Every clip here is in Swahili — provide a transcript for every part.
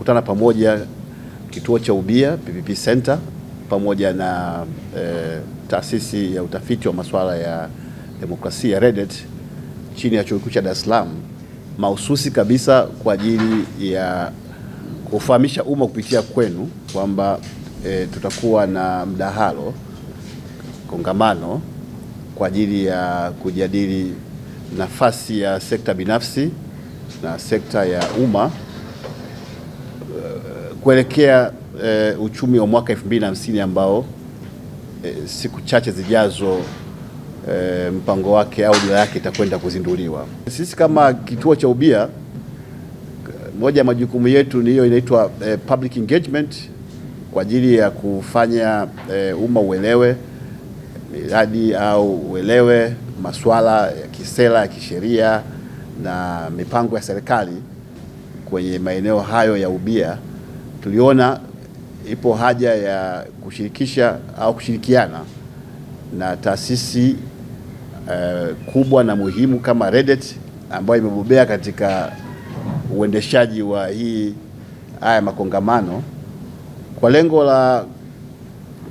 kukutana pamoja kituo cha ubia PPP Center pamoja na eh, taasisi ya utafiti wa masuala ya demokrasia REDET chini ya chuo kikuu cha Dar es Salaam mahususi kabisa kwa ajili ya kufahamisha umma kupitia kwenu kwamba e, tutakuwa na mdahalo kongamano kwa ajili ya kujadili nafasi ya sekta binafsi na sekta ya umma kuelekea e, uchumi wa mwaka 2050 ambao e, siku chache zijazo e, mpango wake au dira yake itakwenda kuzinduliwa. Sisi kama kituo cha ubia, moja ya majukumu yetu ni hiyo inaitwa e, public engagement kwa ajili ya kufanya e, umma uelewe miradi au uelewe masuala ya kisera ya kisheria na mipango ya serikali kwenye maeneo hayo ya ubia tuliona ipo haja ya kushirikisha au kushirikiana na taasisi uh, kubwa na muhimu kama REDET ambayo imebobea katika uendeshaji wa hii haya makongamano kwa lengo la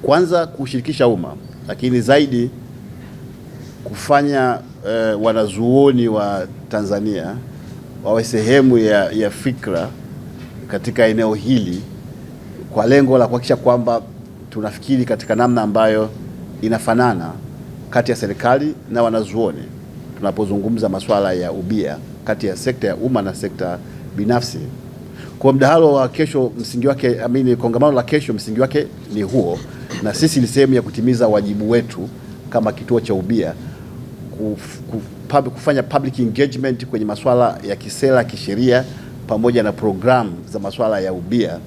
kwanza kushirikisha umma, lakini zaidi kufanya uh, wanazuoni wa Tanzania wawe sehemu ya, ya fikra katika eneo hili kwa lengo la kuhakikisha kwamba tunafikiri katika namna ambayo inafanana kati ya serikali na wanazuoni tunapozungumza masuala ya ubia kati ya sekta ya umma na sekta binafsi. Kwa mdahalo wa kesho msingi wake, amini, kongamano la kesho msingi wake ni huo, na sisi ni sehemu ya kutimiza wajibu wetu kama kituo cha ubia kuf, kuf, kufanya public engagement kwenye masuala ya kisera, kisheria pamoja na programu za masuala ya ubia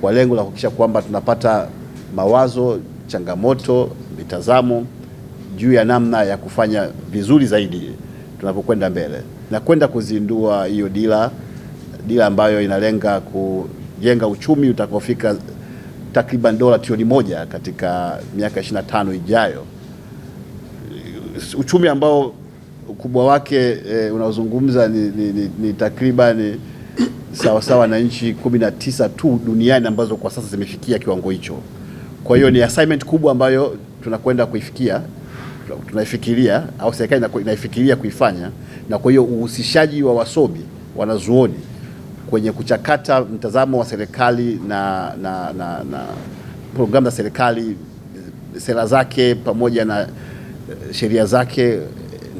kwa lengo la kuhakikisha kwamba tunapata mawazo, changamoto, mitazamo juu ya namna ya kufanya vizuri zaidi tunapokwenda mbele na kwenda kuzindua hiyo dira, dira ambayo inalenga kujenga uchumi utakaofika takriban dola trilioni moja katika miaka 25 ijayo, uchumi ambao ukubwa wake e, unaozungumza ni, ni, ni, ni takriban sawasawa na nchi 19 tu duniani ambazo kwa sasa zimefikia kiwango hicho. Kwa hiyo ni assignment kubwa ambayo tunakwenda kuifikia, tunaifikiria au serikali inaifikiria kuifanya, na kwa hiyo uhusishaji wa wasomi, wanazuoni kwenye kuchakata mtazamo wa serikali na, na, na, na programu za serikali, sera zake pamoja na eh, sheria zake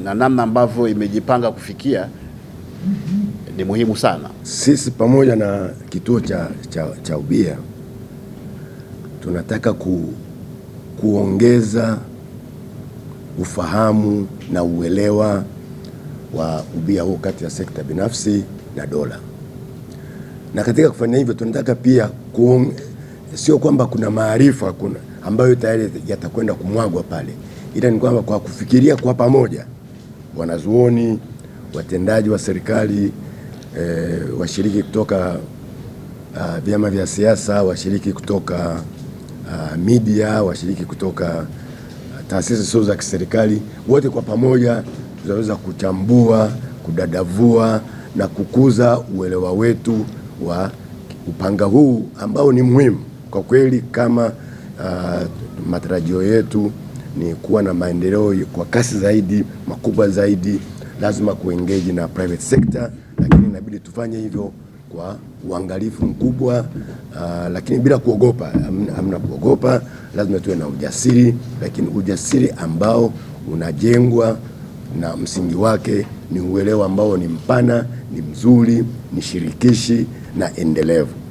na namna ambavyo imejipanga kufikia ni muhimu sana. Sisi pamoja na kituo cha, cha, cha ubia tunataka ku, kuongeza ufahamu na uelewa wa ubia huo kati ya sekta binafsi na dola, na katika kufanya hivyo tunataka pia kuong... sio kwamba kuna maarifa kuna ambayo tayari yatakwenda kumwagwa pale, ila ni kwamba kwa kufikiria kwa pamoja, wanazuoni, watendaji wa serikali e, washiriki kutoka a, ah, vyama vya siasa, washiriki kutoka a, ah, media, washiriki kutoka ah, taasisi sio za kiserikali, wote kwa pamoja tunaweza kuchambua, kudadavua na kukuza uelewa wetu wa upanga huu ambao ni muhimu kwa kweli kama uh, matarajio yetu ni kuwa na maendeleo kwa kasi zaidi makubwa zaidi, lazima kuengage na private sector inabidi tufanye hivyo kwa uangalifu mkubwa uh, lakini bila kuogopa. Hamna, kuogopa, lazima tuwe na ujasiri, lakini ujasiri ambao unajengwa na msingi wake ni uelewa ambao ni mpana, ni mzuri, ni shirikishi na endelevu.